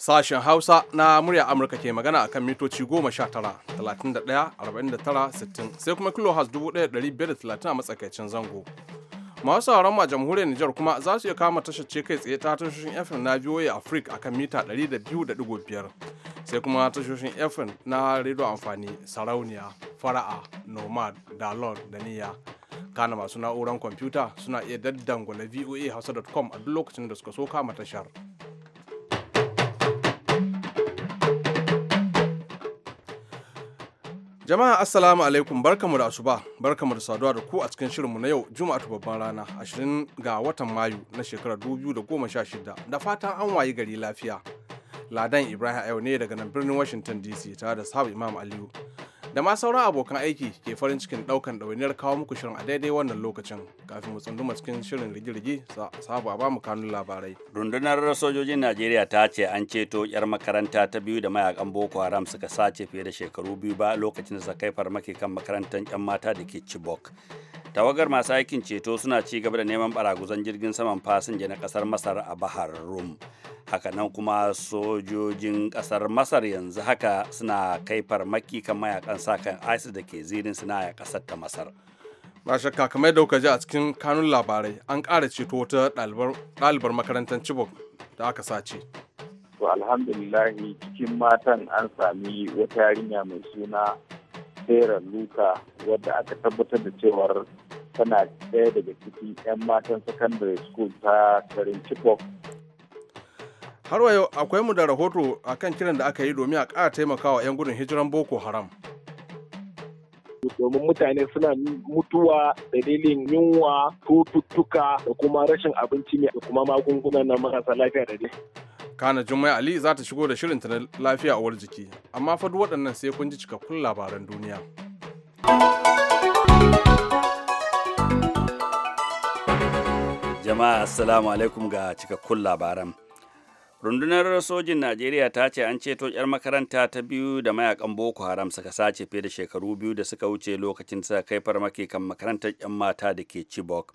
Sashen Hausa na murya Amurka ke magana akan mitoci 19, 31, 49, 60 sai kuma kilo 1530 a matsakaicin zango. Masu sauran ma jamhuriyar Nijar kuma za su iya kama tashar ce kai tsaye ta tashoshin FM na VOA Africa akan mita 200.5 sai kuma tashoshin FM na rediyo amfani sarauniya, fara'a, nomad, dalon da niyya. kana masu na'uran kwamfuta suna iya daddangwala voa hausa.com a duk lokacin da suka so kama tashar. Jama'a Assalamu alaikum barkamu da asuba barkamu da saduwa da ku a cikin shirinmu na yau Juma'atu babban rana 20 ga watan Mayu na shekarar 2016 da fatan an wayi gari lafiya. Ladan Ibrahim yau ne daga nan birnin Washington DC tare da sahabu Imam Aliyu da ma sauran abokan aiki ke farin cikin daukan ɗauniyar kawo muku shirin a daidai wannan lokacin kafin mu tsunduma cikin shirin rigirgi sabu a bamu kanun labarai. Rundunar sojojin Najeriya ta ce an ceto 'yar makaranta ta biyu da mayakan Boko Haram suka sace fiye da shekaru biyu ba lokacin da suka kai farmaki kan makarantar 'yan mata da ke Chibok. Tawagar masu aikin ceto suna ci gaba da neman baraguzan jirgin saman fasinja na kasar Masar a Bahar Rum. Hakanan kuma sojojin kasar Masar yanzu haka suna kai farmaki kan mayakan sa kan isis da ke zirin sinaya kasar ta masar ba shakka kamar yadda kuka ji a cikin kanun labarai an ƙara ceto wata ɗalibar makarantar chibok da aka sace to alhamdulillahi cikin matan an sami wata yarinya mai suna sera luka wadda aka tabbatar da cewar tana ɗaya daga ciki 'yan matan secondary school ta karin chibok har wa akwai mu da rahoto akan kiran da aka yi domin a ƙara taimakawa 'yan gudun hijiran boko haram domin mutane suna mutuwa dalilin yunwa cututtuka da kuma rashin abinci ne da kuma magungunan na marasa lafiya da dai kana jummai ali za ta shigo da shirin ta na lafiya a jiki amma fa waɗannan sai kun ji cikakkun labaran duniya jama'a assalamu alaikum ga cikakkun labaran rundunar sojin najeriya ta ce an ceto 'yar makaranta ta biyu da mayakan boko haram suka sace fiye da shekaru biyu da suka wuce lokacin suka kai farmaki kan makarantar 'yan mata da ke chibok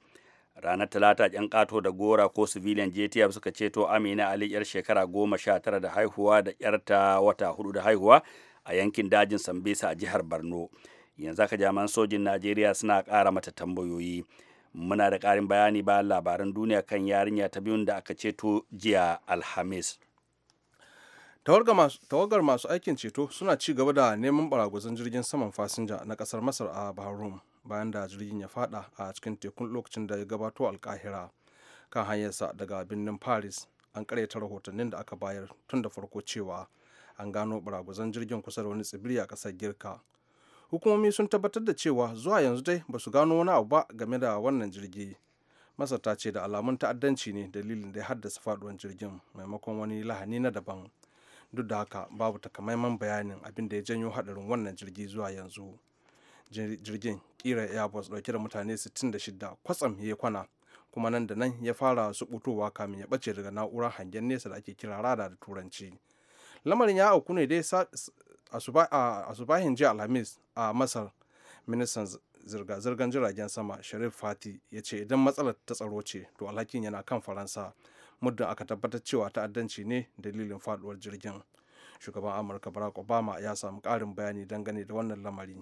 ranar talata 'yan kato da gora ko civilian jtf suka ceto amina ali 'yar shekara goma sha tara da haihuwa da 'yarta wata hudu da haihuwa a yankin dajin sambisa a jihar borno yanzu haka jaman sojin najeriya suna kara mata tambayoyi muna da ƙarin bayani bayan labaran duniya kan yarinya ta biyun da aka ceto jiya alhamis tawagar masu aikin ceto suna ci gaba da neman baragwazon jirgin saman fasinja na kasar masar a bahrain bayan da jirgin ya fada a cikin tekun lokacin da ya gabato alkahira kan hanyarsa daga birnin paris an karyata rahotannin da aka bayar tun da farko cewa an gano baragwazon jirgin kusa da wani tsibiri a kasar girka hukumomi sun tabbatar da cewa zuwa yanzu dai ba su gano wani abu ba game da wannan jirgi masar ta ce da alamun ta'addanci ne dalilin da ya haddasa faduwan jirgin maimakon wani lahani na daban duk da haka babu takamaiman bayanin abin da ya janyo hadarin wannan jirgi zuwa yanzu jirgin kira airbus dauke da mutane 66 kwatsam ya kwana kuma nan da nan ya fara subutowa kamin ya bace daga na'urar hangen nesa da ake kira rada da turanci lamarin ya auku ne dai a asubahin jiya alhamis a masar ministan zirga-zirgar jiragen sama sharif fati ya ce idan matsalar ta tsaro ce to alhakin yana kan faransa muddin aka tabbatar cewa ta'addanci ne dalilin faduwar jirgin shugaban amurka barack obama ya samu karin bayani dangane da wannan lamari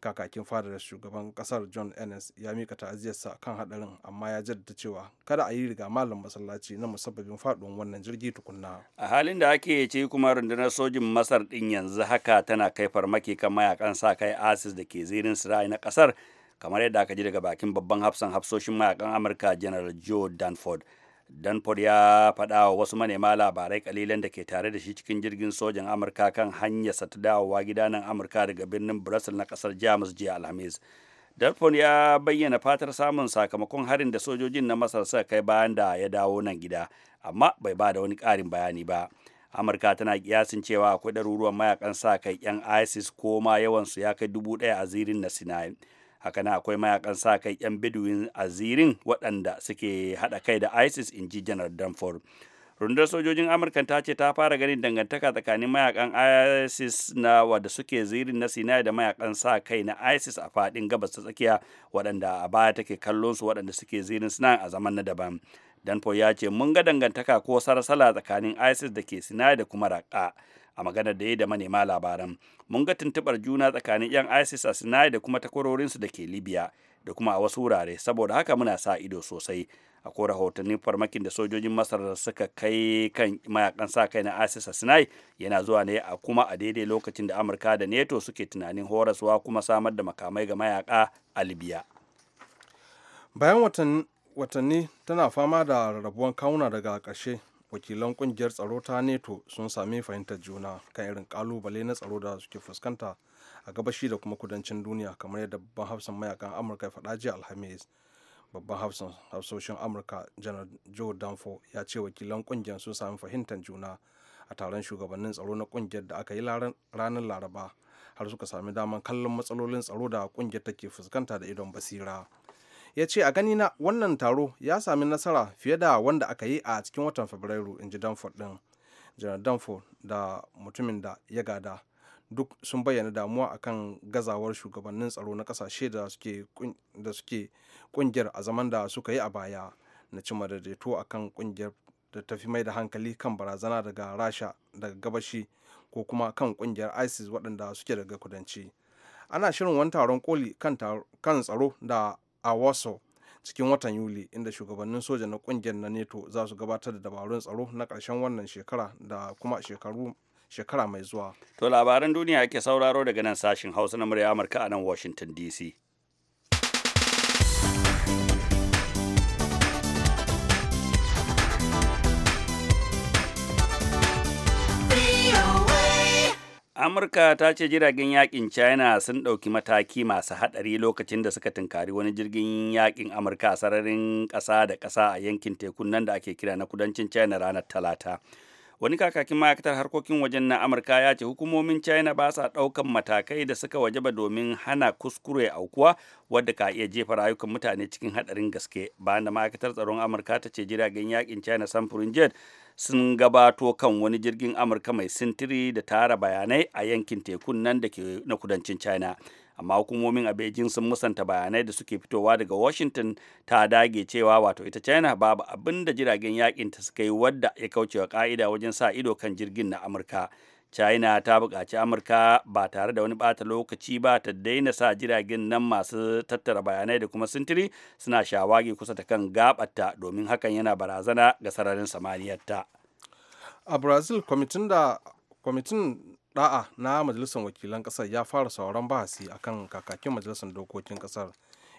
kakakin fadar shugaban kasar john ennis ya mika ta'aziyarsa kan hadarin amma ya jaddada cewa kada a yi riga malam masallaci na musabbabin faduwan wannan jirgi tukunna a halin da ake ce kuma rundunar sojin masar din yanzu haka tana kai farmaki kan mayakan sa kai asis da ke zirin sirai na kasar kamar yadda aka ji daga bakin babban hafsan hafsoshin mayakan amurka general joe danford danford ya faɗa wa wasu manema labarai kalilan da ke tare da shi cikin jirgin sojan amurka kan hanyarsa ta dawowa gida amurka daga birnin brussels na ƙasar jamus jiya alhamis danford ya bayyana fatar samun sakamakon harin da sojojin na masar suka kai bayan da ya dawo nan gida amma bai ba da wani ƙarin bayani ba amurka tana kiyasin cewa akwai ɗaruruwan mayakan sa kai yan isis ko ma yawansu ya kai dubu ɗaya a zirin na sinai haka na akwai mayakan sa kai yan biduwin azirin waɗanda suke haɗa kai da isis in ji janar danford rundar sojojin amurka ta ce ta fara ganin dangantaka tsakanin mayakan isis na wadda suke zirin na sinai da mayakan sa kai na isis a fadin gabas ta tsakiya waɗanda a baya take kallon su waɗanda suke zirin suna a zaman na daban danford ya ce mun ga dangantaka ko sarasala tsakanin isis da ke sinai da kuma raƙa. a magana da ya da manema labaran mun ga tuntuɓar juna tsakanin 'yan isis a sinai da kuma takwarorinsu da ke libya da kuma a wasu wurare saboda haka muna sa ido sosai a ko rahotannin farmakin da sojojin masar suka kai kan mayakan sa kai na isis a sinai yana zuwa ne a kuma a daidai lokacin da amurka da neto suke tunanin horaswa kuma samar da makamai ga mayaka a libya bayan watanni tana fama da rarrabuwan kawuna daga ƙarshe wakilan kungiyar tsaro ta neto sun sami fahimtar juna kan irin kalubale na tsaro da suke fuskanta a gabashi da kuma kudancin duniya kamar yadda babban hafsan mayakan amurka ya faɗa jiya alhamis babban hafsan hafsoshin amurka janar joe danfo ya ce wakilan kungiyar sun sami fahimtar juna a taron shugabannin tsaro na kungiyar da aka yi ranar laraba har suka sami damar kallon matsalolin tsaro da kungiyar take fuskanta da idon basira. ya ce a ganina wannan taro ya sami nasara fiye da wanda aka yi a cikin watan fabrairu in ji danford din janar danford da mutumin da ya gada duk sun bayyana damuwa akan gazawar shugabannin tsaro na kasashe da suke kungiyar a zaman da suka yi a baya na cimma daidaito akan kungiyar da tafi mai da hankali kan barazana daga rasha daga gabashi ko kuma kan kungiyar isis waɗanda suke daga kudanci ana shirin wani taron koli kan tsaro da a warsaw cikin watan yuli inda shugabannin soja na kungiyar na neto za su gabatar da dabarun tsaro na karshen wannan shekara da kuma shekaru shekara mai zuwa to labaran duniya ake sauraro daga nan sashin hausa na murya amurka a nan washington dc Amurka ta ce jiragen yakin China sun ɗauki mataki masu haɗari lokacin da suka tunkari wani jirgin yakin Amurka a sararin ƙasa da ƙasa a yankin tekun nan da ake kira na kudancin China ranar Talata. Wani kakakin ma'aikatar harkokin wajen na Amurka ya ce hukumomin China ba sa ɗaukan matakai da suka waje ba domin hana kuskure aukuwa wadda ka iya jefa rayukan mutane cikin haɗarin gaske. Bayan da ma'aikatar tsaron Amurka ta ce jiragen yakin China samfurin jet sun gabato kan wani jirgin amurka mai sintiri da tara bayanai a yankin tekun nan da ke na kudancin china amma hukumomin a beijing sun musanta bayanai da suke fitowa daga washington ta dage cewa wato ita china babu abin da jiragen yakin ta suka yi wadda ya kaucewa ka'ida wajen sa ido kan jirgin na amurka china ta buƙaci amurka ba tare da wani ɓata lokaci ba ta daina sa jiragen nan masu tattara bayanai da kuma sintiri suna shawagi kusa ta kan gabata domin hakan yana barazana ga sararin samaniyarta a brazil kwamitin da da'a na majalisar wakilan ƙasar ya fara sauran bahasi a kan kakakin majalisar dokokin kasar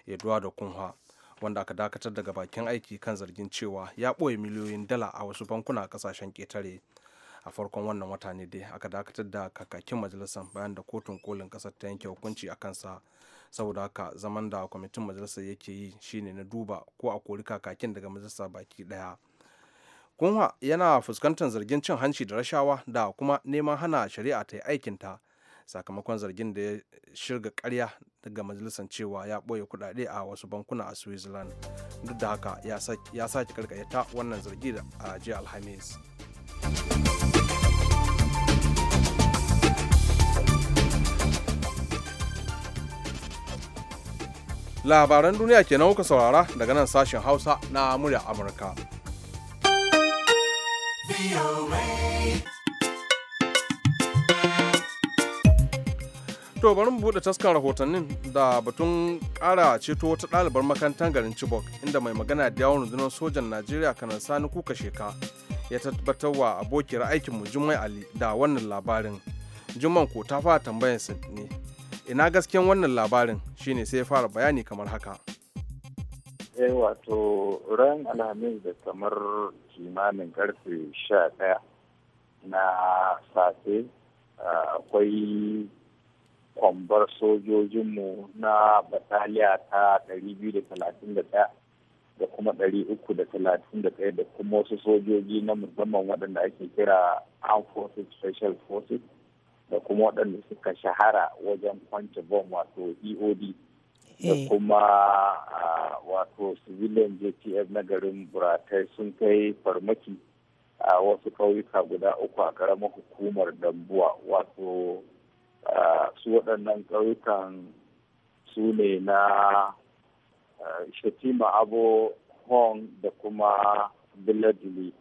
eduardo kunha wanda aka dakatar daga bakin aiki kan zargin cewa ya ɓoye miliyoyin dala a wasu bankuna ƙasashen ƙetare a farkon wannan wata ne dai aka dakatar da kakakin majalisar bayan da kotun kolin kasar ta yanke hukunci a kansa saboda haka zaman da kwamitin majalisar yake yi shine na duba ko a kori kakakin daga majalisar baki daya kunwa yana fuskantar zargin cin hanci da rashawa da kuma neman hana shari'a ta yi aikinta sakamakon zargin da ya shirga karya daga majalisar cewa ya ɓoye kuɗaɗe a wasu bankuna a switzerland duk da haka ya sake karkata wannan zargi a jiya alhamis labaran duniya kenan kuka saurara daga nan sashen hausa na murya amurka to bari mu buɗe taskan rahotannin da batun ƙara ceto wata ɗalibar makarantar garin chibok inda mai magana da yawon rundunar sojan najeriya kanan sani kuka sheka ya tabbatar wa abokiyar aikinmu Jummai Ali da wannan labarin. Jumman ko ta fara tambayarsa ne, ina gasken wannan labarin shine sai ya fara bayani kamar haka. Eh wato ran alhamis da kamar kimanin karfe sha ɗaya na safe ah, akwai kwambar sojojinmu na bataliya ta 231 da kuma ɗari uku da talatin da ɗaya da kuma wasu sojoji na musamman waɗanda ake kira armed forces special forces da kuma waɗanda suka shahara wajen kwance bom wato eod da eh. kuma wato civilian jtf na garin buratai sun kai farmaki a wasu ƙauyuka guda uku a ƙaramar hukumar dambuwa wato su waɗannan ƙauyukan su ne na shatima abo hong da kuma biladili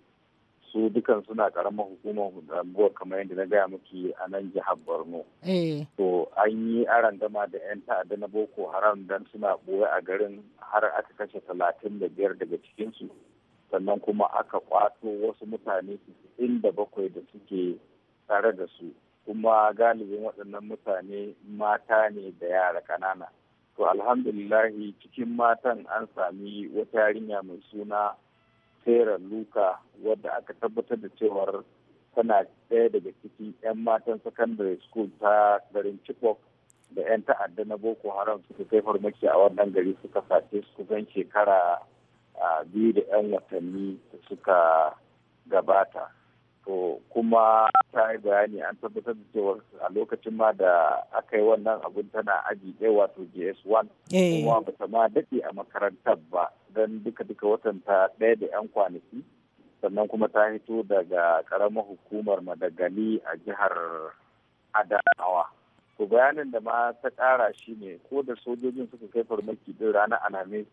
su dukan suna karamar hukumar hukumar kamar yadda na gaya muke a nan jihar borno eh. to an yi aran dama da 'yan ta'adda na boko haram don suna ɓoye a garin har aka kashe talatin da biyar daga cikinsu sannan kuma aka kwato wasu mutane inda bakwai da suke tare da su kuma galibin waɗannan mutane mata ne da yara ƙanana to alhamdulillahi cikin matan an sami wata yarinya mai suna tera luka wadda aka tabbatar da cewar tana ɗaya daga ciki 'yan matan secondary school ta garin chibok da 'yan ta'adda na boko haram suka kai farmaki a wannan gari suka sace su zan shekara biyu da 'yan watanni da suka gabata to kuma ta yi bayani an tabbatar da cewa a lokacin ma da aka yi wannan abun tana aji ɗaya wato gs 1 eh. kuma ba ta ma daɗe a makarantar ba don duka-duka watan ta ɗaya da 'yan kwanaki sannan kuma ta hito daga ƙaramar hukumar madagali a jihar adamawa to bayanin da ma ta ƙara shi ne ko da sojojin suka kai farmaki din ranar alhamis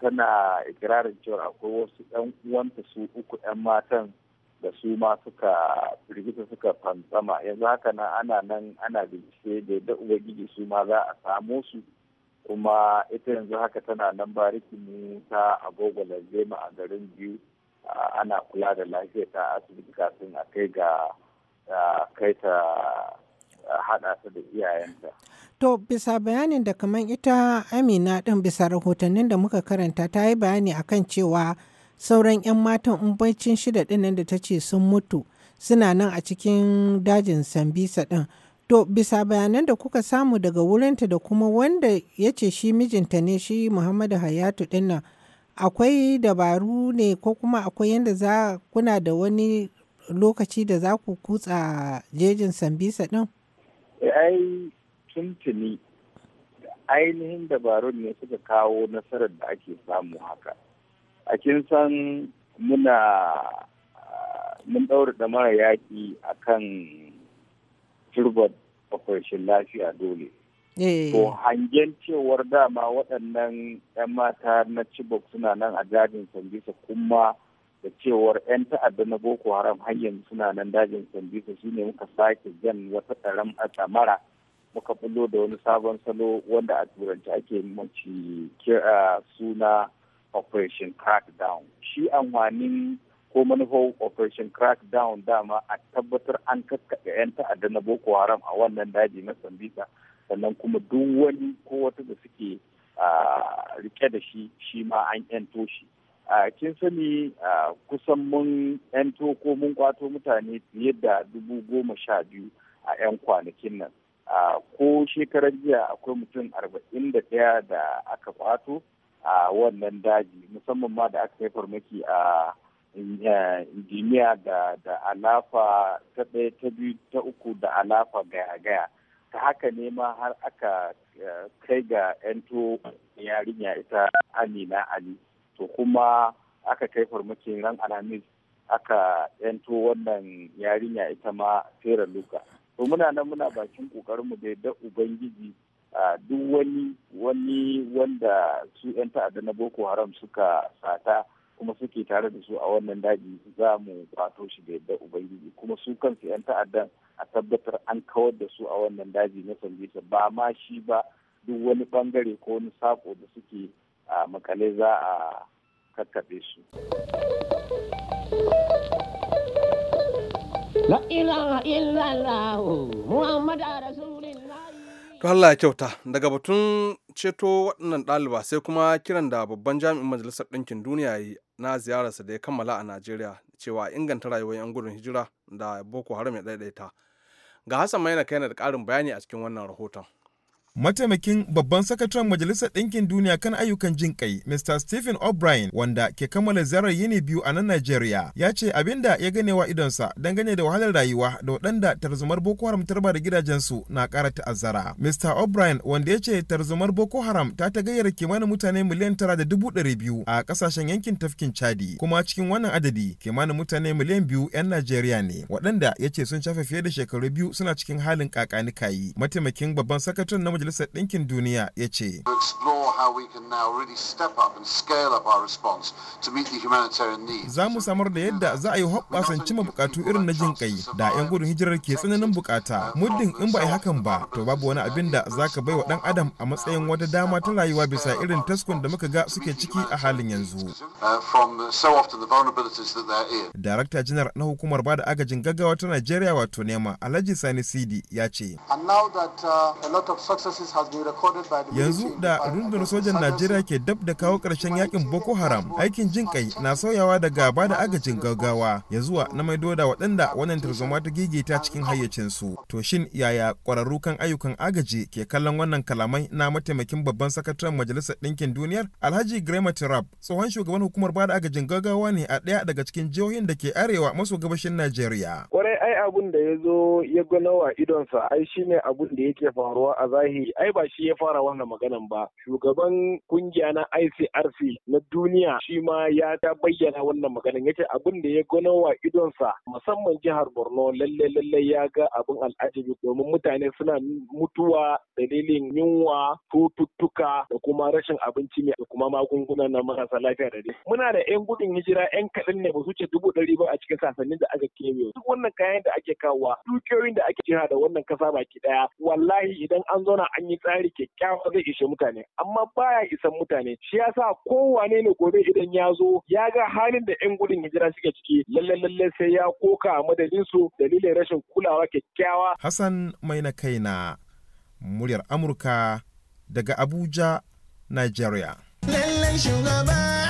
tana ikirarin cewa akwai wasu 'yan uwanta su uku 'yan matan da su ma suka firgita suka fantsama yanzu haka nan ana nan ana bincike da yadda ubangiji su ma za a samo su kuma ita yanzu haka tana nan bariki ta agogo lalzema a garin biyu ana kula da lafiya ta asibiti kafin a kai ga kai ta haɗa ta da iyayenta. To bisa bayanin da kamar ita Amina ɗin bisa rahotannin da muka karanta ta yi bayani akan cewa sauran 'yan matan umbaicin shida ɗinnan da ta ce sun mutu suna nan a cikin dajin sambisa ɗin to bisa bayanan da kuka samu daga wurinta da kuma wanda ya ce shi mijinta ne shi muhammadu hayatu ɗinnan akwai dabaru ne ko kuma akwai yadda za kuna da wani lokaci da za ku kutsa jejin sambisa ɗin? Eh, tuntuni ainihin dabarun ne suka kawo nasarar da ake samu haka a kin san muna mun ɗaura mara yaƙi a kan turbar operation lafiya dole. Eh. To hangen cewar dama waɗannan 'yan mata na Chibok suna nan a dajin Sambisa kuma da cewar 'yan ta'adda na Boko Haram hanyar suna nan dajin Sambisa ne muka sake jan wata ɗaram a tsamara muka bullo da wani sabon salo wanda a turanci ake mace suna operation crackdown shi amfanin ko manufar operation crackdown dama a tabbatar an kakkaɓe 'yan ta'adda na boko haram a wannan daji na sambisa sannan kuma duk wani ko wata da suke rike da shi shi ma an 'yanto shi kin sani kusan mun 'yanto ko mun kwato mutane fiye da dubu goma sha biyu a 'yan kwanakin nan ko shekarar jiya akwai mutum arba'in da ɗaya da aka kwato a wannan daji musamman ma da aka kai farmaki a eh, injiniya da alafa ta ɗaya ta biyu ta uku da alafa gaya gaya ta haka ne ma har aka eh, kai ga 'yan to yarinya ita amina ali to kuma aka kai farmaki ran alhamis aka yanto wannan yarinya ita ma fera luka to muna nan muna bakin kokarinmu da ubangiji duk wani wani wanda su 'yan ta'adda na boko haram suka sata kuma suke tare da su a wannan daji za mu kwato shi da yadda ubangiji kuma su kansu 'yan ta'addan a tabbatar an kawar da su a wannan daji na sambisa ba ma shi ba duk wani bangare ko wani sako da suke a makale za a kakkaɓe su. La ilaha illallah Muhammad to Allah ya kyauta daga batun ceto waɗannan ɗaliba sai kuma kiran da babban jami'in majalisar ɗinkin duniya na ziyararsa da ya kammala a najeriya cewa inganta rayuwar 'yan gudun hijira da boko haram ya ɗaiɗaita ga hassan maina na da ƙarin bayani a cikin wannan rahoton mataimakin babban sakataren majalisar ɗinkin duniya kan ayyukan jin kai mr stephen o'brien wanda ke kammala ziyarar yini biyu a nan nigeria ya ce abin da ya ganewa idonsa dangane da wahalar rayuwa da waɗanda tarzumar boko haram raba da gidajensu na ƙara ta'azzara mr o'brien wanda ya ce tarzumar boko haram ta ta gayyar kimanin mutane miliyan tara da dubu ɗari biyu a ƙasashen yankin tafkin chadi kuma cikin wannan adadi kimanin mutane miliyan biyu 'yan nigeria ne waɗanda ya ce sun shafe fiye da shekaru biyu suna cikin halin kakanikayi mataimakin babban sakataren na Majalisar Ɗinkin Duniya ya ce. Za mu samar da yadda za a yi hoɓɓasan cima bukatu irin na jin kai da 'yan gudun hijirar ke tsananin bukata. Muddin in ba a yi hakan ba, to babu wani abin da za ka bai wa ɗan adam a matsayin wata dama ta rayuwa bisa irin taskun da muka ga suke ciki a halin yanzu. Uh, Darakta janar na hukumar bada agajin gaggawa ta Najeriya wato nema Alhaji Sani Sidi ya ce. yanzu da rundunar sojan najeriya ke dab da kawo karshen yakin boko haram aikin jin kai na sauyawa daga ba da agajin gaggawa ya zuwa na mai doda waɗanda wannan tarzoma ta gigita cikin hayyacinsu to shin yaya ƙwararru kan ayyukan agaji ke kallon wannan kalamai na mataimakin babban sakataren majalisar ɗinkin duniyar alhaji grema tirab tsohon shugaban hukumar bada da agajin gaggawa ne a ɗaya daga cikin jihohin da ke arewa maso gabashin najeriya kwarai ai abun da ya zo ya gano wa idonsa ai shine abun da yake faruwa a zahiri tarihi ai ba shi ya fara wannan maganan ba shugaban kungiya na ICRC na duniya shi ma ya ta bayyana wannan maganan yace abin da ya gano wa idonsa musamman jihar Borno lalle lalle ya ga abin al'ajabi domin mutane suna mutuwa dalilin yunwa tututtuka da kuma rashin abinci ne da kuma magunguna na marasa lafiya da dai muna da yan gudun hijira yan kaɗan ne ba su ce dubu ɗari ba a cikin sasannin da aka kewe duk wannan kayan da ake kawowa dukiyoyin da ake jira da wannan kasa baki ɗaya wallahi idan an zauna an yi tsari kyakkyawa zai ishe mutane amma baya isan mutane shi yasa kowane ne gobe idan ya zo ya ga halin da yan gudun hijira suke ciki lalle lalle sai ya koka a madadin su dalilin rashin kulawa kyakkyawa Hassan mai kai na muryar Amurka daga Abuja Nigeria lallan shugaba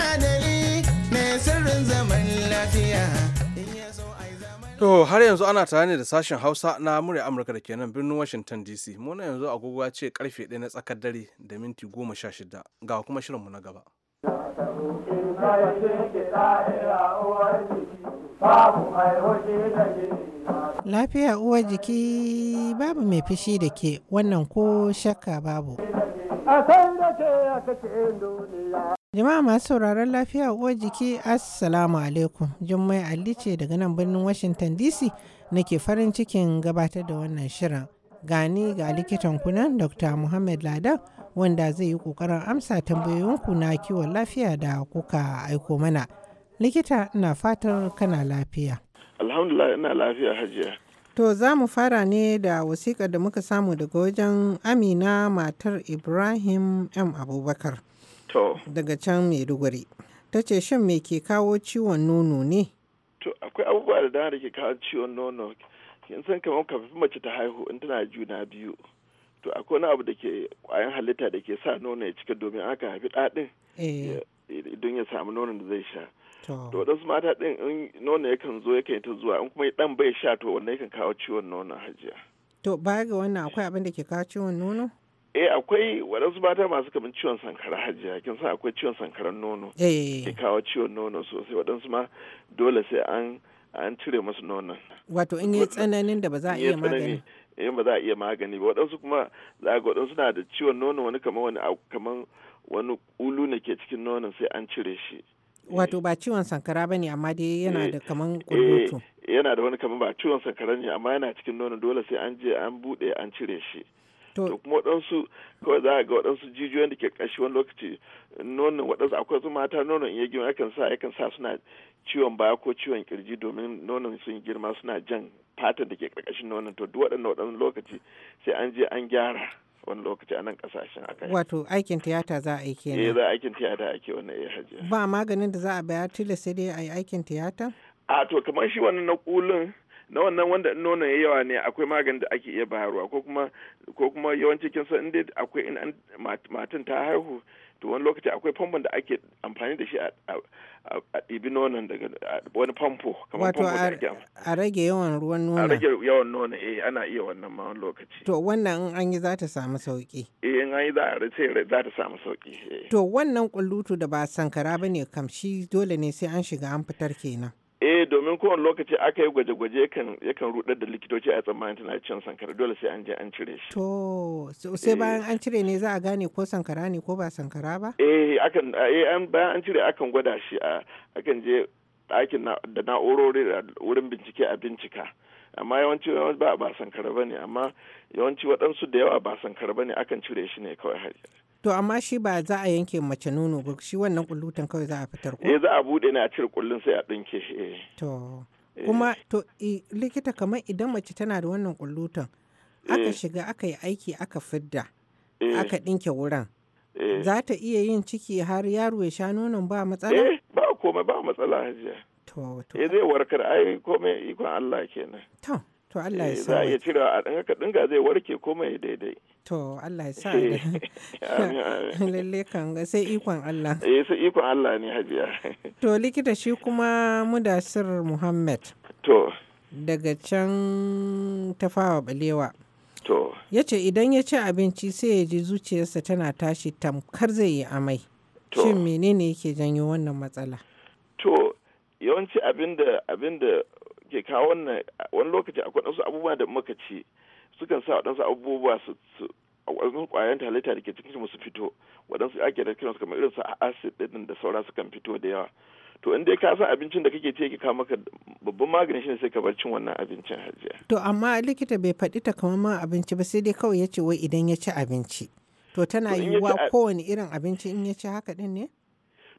To har yanzu ana tare ne da sashen Hausa na murya Amurka da kenan birnin Washington DC. Muna yanzu agogo ya ce karfe ɗaya na tsakar dare da minti goma sha shida ga kuma shirin mu na gaba. Lafiya uwar jiki babu mai fushi da ke wannan ko shakka babu. A da ke a duniya Jama'a masu sauraron lafiya uwar jiki Assalamu alaikum. Jummai Ali ce daga nan birnin Washington DC nake farin cikin gabatar da wannan shirin. Gani ga likitan kunan Dr. Muhammad Ladan wanda zai yi kokarin amsa tambayoyinku na kiwon lafiya da kuka aiko mana. Likita ina fatan kana lafiya. Alhamdulillah ina lafiya hajiya. To za mu fara ne da wasiƙar da muka samu daga wajen Amina matar Ibrahim M. Abubakar. daga can Maiduguri. Ta ce shan me ke kawo ciwon nono ne? To akwai abubuwa da dama da ke kawo ciwon nono. Kin san kamar kafin mace ta haihu in tana juna biyu. To akwai wani abu da ke kwayan halitta da ke sa nono ya cika domin aka haifi ɗaɗin. Eh. Don ya samu nonon da zai sha. To wadansu mata din in nono yakan zo yakan ta zuwa in kuma dan bai sha to wannan yakan kawo ciwon nono hajiya. To baya ga wannan akwai abin da ke kawo ciwon nono? eh akwai waɗansu mata masu kamar ciwon sankara hajiya kin san akwai ciwon sankaran nono eh, eh, eh. ke kawo ciwon nono sosai waɗansu ma dole sai an an cire musu nonon wato in yi tsananin da ba za a iya magani in ba za a iya magani ba waɗansu kuma za ga waɗansu na da ciwon nono wani kamar wani kamar wani ulu ne ke cikin nonon sai an cire shi wato ba ciwon sankara ba ne amma dai yana da kamar kullutu yana da wani kamar ba ciwon sankara ne amma yana cikin nonon dole sai an je an buɗe an cire shi to kuma waɗansu kawai za a ga waɗansu jijiyoyin da ke ƙashi wani lokaci nonon waɗansu akwai su mata nonon ya girma yakan sa yakan sa suna ciwon baya ko ciwon kirji domin nonon sun girma suna jan fatan da ke ƙarƙashin nonon to duk waɗannan waɗannan lokaci sai an je an gyara wani lokaci a nan kasashen yi. Wato aikin tiyata za a yi kenan. Eh za a aikin tiyata ake wannan eh hajiya. Ba maganin da za a bayar tilasta dai a yi aikin tiyata? A to kamar shi wannan na kulun na wannan wanda nonon ya yawa ne akwai magani da ake iya bayarwa ko kuma ko kuma yawanci kin san inda akwai in an matan ta haihu to wani lokaci akwai famfon da ake amfani da shi a ɗibi nonon daga wani famfo kamar famfo da ake a rage yawan ruwan nonon a rage yawan nonon eh ana iya wannan ma wani lokaci to wannan in an yi za ta samu sauki eh in an yi za a race za ta samu sauki eh. to wannan kullutu da ba sankara bane kam shi dole ne sai an shiga an fitar kenan eh domin kowane lokaci aka yi gwaje-gwaje yakan rudar da likitoci a tsammanin tana cin sankara dole sai an je an cire shi to sai eh. bayan an cire ne za a gane ko sankara ne ko ba sankara ba eh akan eh, bayan an cire akan gwada shi a akan je ɗakin da na'urori wurin bincike a bincika amma yawanci ba ba sankara bane amma yawanci waɗansu da yawa ba sankara bane akan cire shi ne kawai To amma shi ba za a yanke mace nono ba shi wannan kullutan kawai za a fitar ko? Eh za a bude ne a cire kullun sai a dinke shi. Eh. To eh. kuma to likita kamar idan mace tana da wannan kullutan aka eh. shiga aka yi aiki aka fidda aka dinke wurin. Za ta iya yin ciki har yaro ya sha nonon ba matsala? ba komai ba matsala hajiya. To to. Eh zai warkar ai komai ikon Allah kenan. To to Allah ya sa. Za a iya cire a dinga zai warke komai daidai. To Allah ya sa lalle kan sai ikon Allah. Eh sai ikon Allah ne hajiya. To likita shi kuma Mudasir Muhammad. To. Daga can tafawa balewa. To. Ya ce idan ya ci abinci sai ya ji zuciyarsa tana tashi tamkar zai yi amai. To. Shin menene yake janyo wannan matsala? To yawanci abinda abinda ke kawo wannan wani lokaci akwai wasu abubuwa da muka ci. sukan sa waɗansu abubuwa su waɗansu ƙwayan halitta da ke cikin su fito waɗansu ake da kiransu kamar irin su acid ɗin da saura sukan fito da yawa to in dai ka san abincin da kake ci yake kawo maka babban magani shine sai ka bar cin wannan abincin hajiya to amma likita bai faɗi takamaiman abinci ba sai dai kawai ya ce wai idan ya ci abinci to tana yiwuwa kowane irin abinci in ya ci haka ɗin ne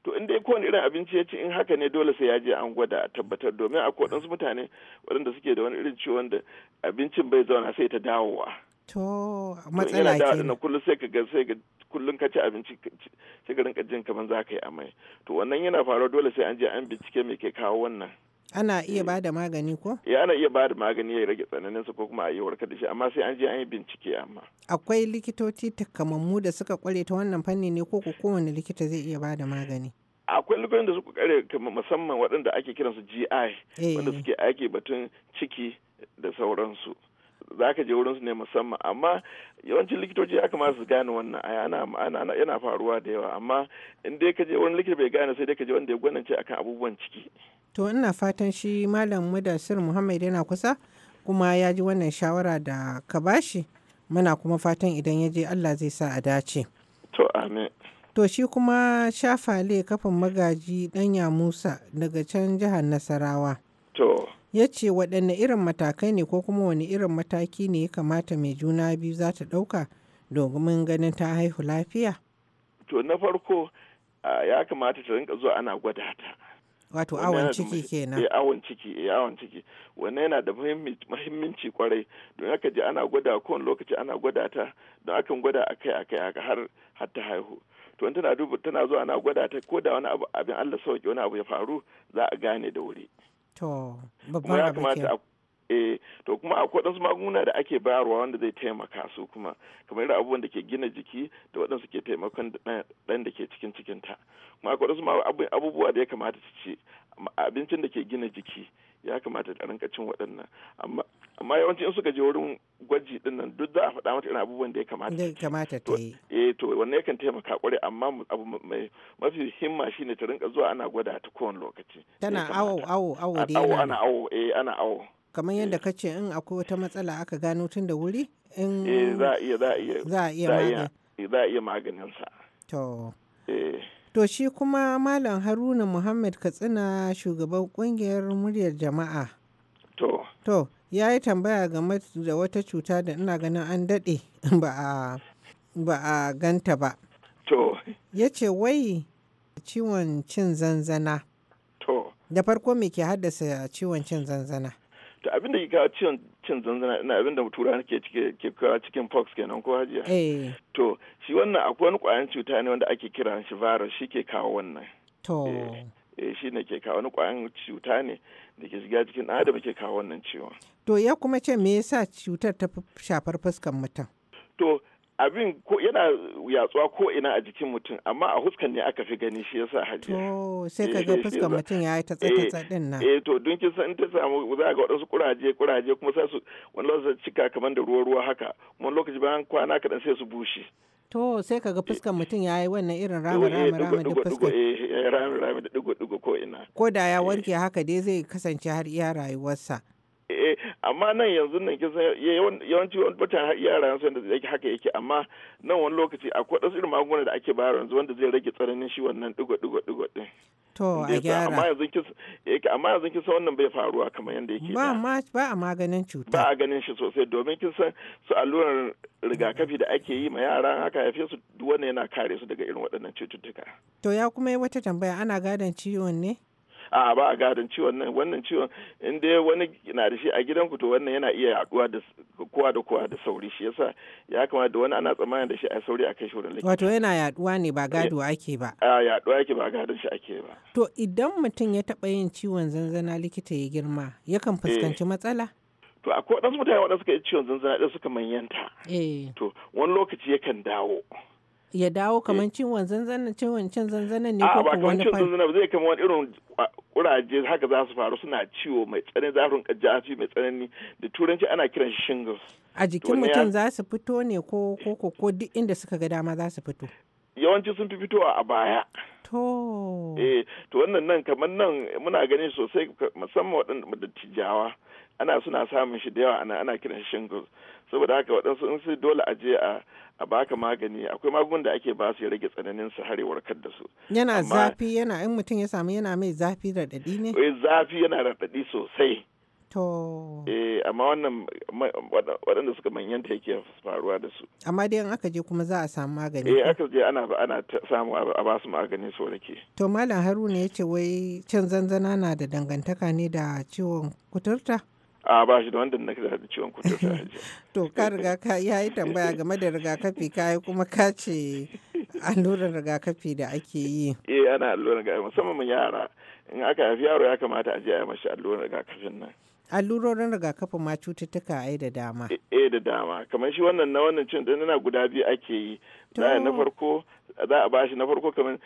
to in dai kowane irin abinci ya ci in haka ne dole sai ya je an gwada a tabbatar domin a su mutane waɗanda suke da wani irin ciwon da abincin bai zauna sai ta dawowa to matsala ke ne kullum sai ka ga sai ga kullum ka ci abinci sai ka rinka jin kamar za ka yi amai to wannan yana faruwa dole sai an je an bincike me ke kawo wannan ana iya ba da magani ko? ya eh, ana iya ba da magani ya rage tsananin su ko kuma a yi warkar da shi amma sai an je an yi bincike amma akwai likitoci takamammu da suka kware ta wannan fanni ne ko kowane likita zai iya ba da magani akwai likitoci da suka kware musamman waɗanda ake kiransu GI eh. wanda suke aiki batun ciki da sauransu za ka je wurinsu ne musamman amma yawancin likitoci ya kamata su gane wannan ana yana faruwa da yawa amma in dai ka je wurin likita bai gane sai dai ka je wanda ya gwanance akan abubuwan ciki To ina fatan shi Malam Mudassir Muhammad yana kusa kuma ya ji wannan shawara da ka bashi muna kuma fatan idan ya je Allah zai sa a dace. To amin. To shi kuma shafale kafin magaji ɗanya Musa daga can jihar Nasarawa. To. Ya ce waɗanne irin matakai ne ko kuma wani irin mataki ne ya kamata mai juna biyu za ta ɗauka domin ganin ta haihu lafiya? To na farko ya kamata ta rinka zuwa ana gwada ta. wato awon ciki kenan eh awon ciki eh awon ciki wannan yana da muhimmanci kwarai don haka je ana gwada kowane lokaci ana gwada ta don akan gwada akai akai aka har har ta haihu to in tana duba tana zuwa ana gwada ta ko da wani abu abin Allah sauki wani abu ya faru za a gane da wuri to babban abu kenan e to kuma akwai waɗansu magunguna da ake bayarwa wanda zai taimaka su kuma kamar irin abubuwan da ke gina jiki da waɗansu ke taimakon ɗan da ke cikin cikinta kuma akwai waɗansu abubuwa da ya kamata ta ci abincin da ke gina jiki ya kamata da rinka cin waɗannan amma amma yawanci in suka je wurin gwaji din nan duk za a faɗa mata irin abubuwan da ya kamata da kamata ta yi eh to wannan yakan taimaka kwarai amma abu mai mafi himma shine ta rinka zuwa ana gwada ta kowane lokaci tana awo awo awo dai ana awo eh ana awo kamar yadda ka ce in akwai wata matsala aka gano tun da wuri in eh, za a iya za maganin sa eh. to shi kuma malam haruna muhammad katsina shugaban kungiyar muryar jama'a to ya yi tambaya game da wata cuta da ina ganin an daɗe ba a ba a ganta ba to ya ce wai ciwon cin zanzana to da farko me ke haddasa ciwon cin zanzana to abin da kawo cin cin zanzana ina abin da ne ke ke kira cikin fox kenan ko hajiya eh. to shi wannan akwai wani kwayan cuta ne wanda ake kira shi virus shi ke kawo wannan to eh, eh shi ne ke kawo wani kwayan cuta ne da ke shiga cikin adam ke kawo wannan ciwon to ya kuma ce me yasa cutar ta shafar fuskan mutum to abin ko yana yatsuwa ko ina a jikin mutum amma a huskan ne aka fi gani shi yasa hajiya to sai ka ga eh, fuskar mutum ya yi ta eh, tsatsa din nan eh to don kin san ta samu za ga wadansu kuraje kuraje kuma sai su wani lokaci cika kamar da ruwa ruwa haka kuma lokaci bayan kwana kaɗan sai su bushe to sai ka ga fuskar eh, mutum ya yi wannan irin rama rama rama da fuskar eh rama rama da digo digo ko ina ko da ya warke haka dai zai kasance har iya rayuwarsa amma nan yanzu nan kin kisan yawanci wani batan yara yansu da yake haka yake amma nan wani lokaci akwai dasu irin magunguna da ake bayar yanzu wanda zai rage tsananin shi wannan digo digo digo din to a gyara amma yanzu kisa amma yanzu kisa wannan bai faruwa kamar yanda yake ba ma ba a maganin cuta ba a ganin shi sosai domin kin san su allurar rigakafi da ake yi ma yara haka haife su duk wannan yana kare su daga irin waɗannan cututtuka to ya kuma yi wata tambaya ana gadon ciwon ne a ba a gadon ciwon nan wannan ciwon in dai wani na da shi a gidanku to wannan yana iya yaduwa da kowa da kowa da sauri shi yasa ya kamata da wani ana tsammanin da shi a sauri a kai shi wurin likita wato yana yaduwa ne ba gado ake ba eh, a yaduwa yake ba gadon shi ake ba to idan mutum ya taba yin ciwon zanzana likita ya girma yakan eh. fuskanci matsala to akwai waɗansu mutane waɗanda suka yi ciwon zanzana ɗin suka manyanta eh. to wani lokaci yakan dawo ya dawo eh. kamar ciwon zanzanan ciwon cin zanzanan ne ko kuma wani ciwon zanzanan zai kama wani irin kuraje haka za su faru suna ciwo mai tsanani za su mai tsanani da turanci ana kiran shi shingles a jikin mutum za su fito ne ko ko ko duk inda suka ga dama za su fito yawanci sun fi fitowa a baya to eh to wannan nan kamar nan muna ganin sosai musamman waɗanda da tijawa ana suna samun shi da yawa ana ana kiran shingles saboda haka waɗansu in sai dole a je a a baka magani akwai magungunan da ake ba su ya rage tsananin su har warkar da su yana zafi yana in mutum ya samu yana mai zafi da dadi ne eh zafi yana da dadi sosai to eh amma wannan waɗanda suka manyanta yake faruwa da su amma dai in aka je kuma za a samu magani eh aka je ana ana samu a ba su magani so rake to malam haruna ya ce wai can zanzana na da dangantaka ne da ciwon kuturta a ba shi da wanda na da ciwon kuturta To ka riga ka ya yi tambaya game da rigakafi ka yi kuma ka ce allurar rigakafi da ake yi. Eh ana allurar rigakafi musamman yara in aka haifi yaro ya kamata a je a yi mashi allurar rigakafin nan. Allurorin rigakafin ma cututtuka ai da dama. Eh, eh da dama kamar shi wannan na wannan cin na guda biyu ake yi. Za na farko za a bashi na farko kamar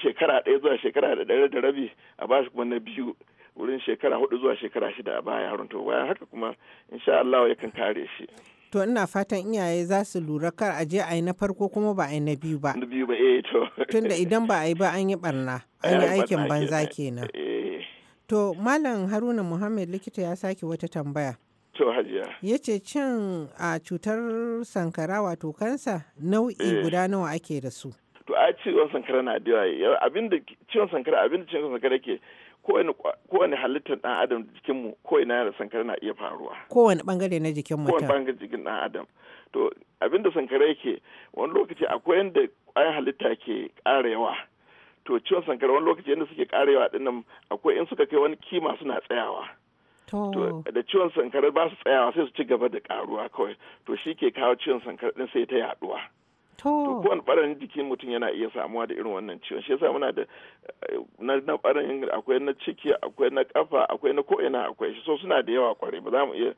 shekara ɗaya zuwa shekara da ɗaya da rabi a bashi kuma na biyu wurin shekara hudu zuwa shekara shida a baya harun to bayan haka kuma insha Allah yakan kare shi to ina fatan iyaye za su lura kar a je a yi na farko kuma ba a yi na biyu ba na biyu ba eh to tunda idan ba a yi ba an yi barna an yi aikin banza kenan eh. to malam haruna muhammad likita ya sake wata tambaya to hajiya ya ce cin a cutar sankara wato kansa nau'i eh. guda nawa ake da su to a ciwon sankara na da yawa abinda ciwon sankara abinda ciwon sankara ke kowane halittar ɗan adam da jikinmu ko ina da sankara na iya faruwa kowane bangare na jikin mutum kowane bangare jikin ɗan adam to abinda sankara yake wani lokaci akwai yadda ƙwayar halitta ke ƙara yawa to ciwon sankara wani lokaci yadda suke ƙara yawa dinnan akwai in suka kai wani kima suna tsayawa To da ciwon sankara ba su tsayawa sai su ci gaba da karuwa kawai to shi ke kawo ciwon sankara din sai ta yaduwa. To kowane ɓarayin jikin mutum yana iya samuwa da irin wannan ciwon shi yasa muna da na na ɓarayin akwai na ciki akwai na kafa akwai na ko'ina akwai shi so suna da yawa kwarai ba za mu iya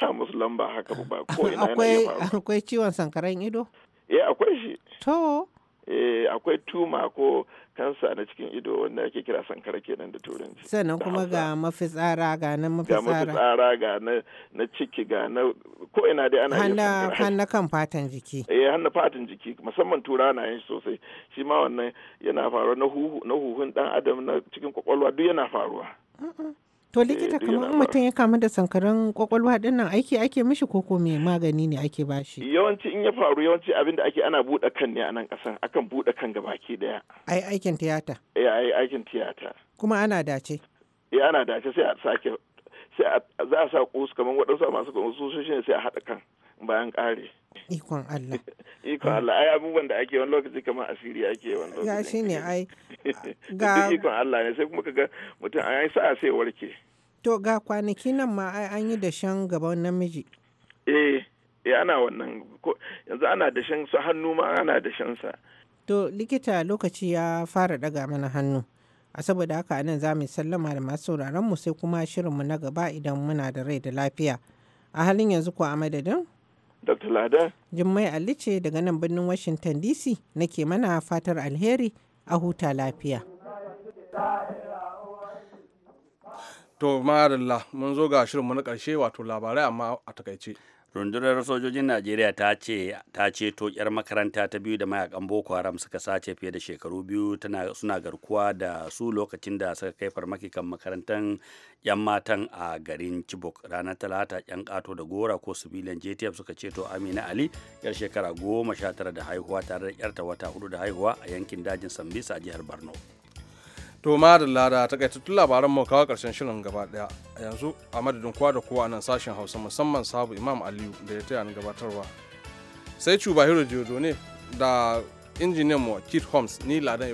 sa musu lamba haka ba ko'ina yana iya akwai ciwon sankaran ido. Eh akwai shi. To. Eh akwai tuma ko kansa na cikin ido wanda ake kira sankara kenan da turanci sannan kuma ga mafitsara ga na mafitsara ga mafitsara ga na, na ciki ga na ko ina dai ana hanna hanna kan fatan jiki eh hanna fatan jiki musamman tura na yin sosai shi ma wannan yana faruwa na huhu na huhun dan adam na cikin kwakwalwa duk yana faruwa to likita eh, kamar in mutum ya kama da sankaran kwakwalwa din nan aiki ake mishi ko ko me magani ne ake bashi yawanci in ya faru yawanci abin da ake ana buɗe kan ne a nan ƙasan akan buɗe kan gabaki daya ai aikin tiyata eh ai aikin tiyata kuma ana dace eh ana dace sai a sake sai za a sa kusa kamar waɗansu masu kamar sosai sai a haɗa kan bayan ƙare. Ikon Allah. Ikon Allah, ai abubuwan da ake wani lokaci kamar asiri ake wani lokaci. Ya shi ne ai. Ga ikon Allah ne sai kuma ka ga mutum a yi sa'a sai warke. To ga kwanaki nan ma ai an yi da shan gaban namiji. Eh, eh ana wannan yanzu ana da shan su hannu ma ana da shan sa. To likita lokaci ya fara daga mana hannu. a saboda haka nan, za mu sallama da masu sauraron mu sai kuma shirin mu na gaba idan muna da rai da lafiya a halin yanzu ko a madadin Dr. Lada. Jummai Ali ce daga nan birnin Washington DC nake mana fatar alheri a huta lafiya. To, madalla mun zo ga shirinmu na ƙarshe wato labarai amma a takaice. rundunar sojojin najeriya ta ce ta ceto yar makaranta ta biyu da mayakan boko haram suka sace fiye da shekaru biyu suna garkuwa da su lokacin da suka kai farmaki kan makarantar yan matan a garin chibok ranar talata yan kato da gora ko sibilin jtf suka ceto amina ali yar shekara goma sha tara da haihuwa tare da yarta wata hudu da haihuwa a yankin dajin sambisa a jihar borno to madalla da takaitattun labaran mu kawo karshen shirin gaba daya yanzu a madadin kowa da kowa nan sashen hausa musamman sabu imam aliyu da ya taya ni gabatarwa sai cuba hiro jiyo da injiniyan mu kit holmes ni ladan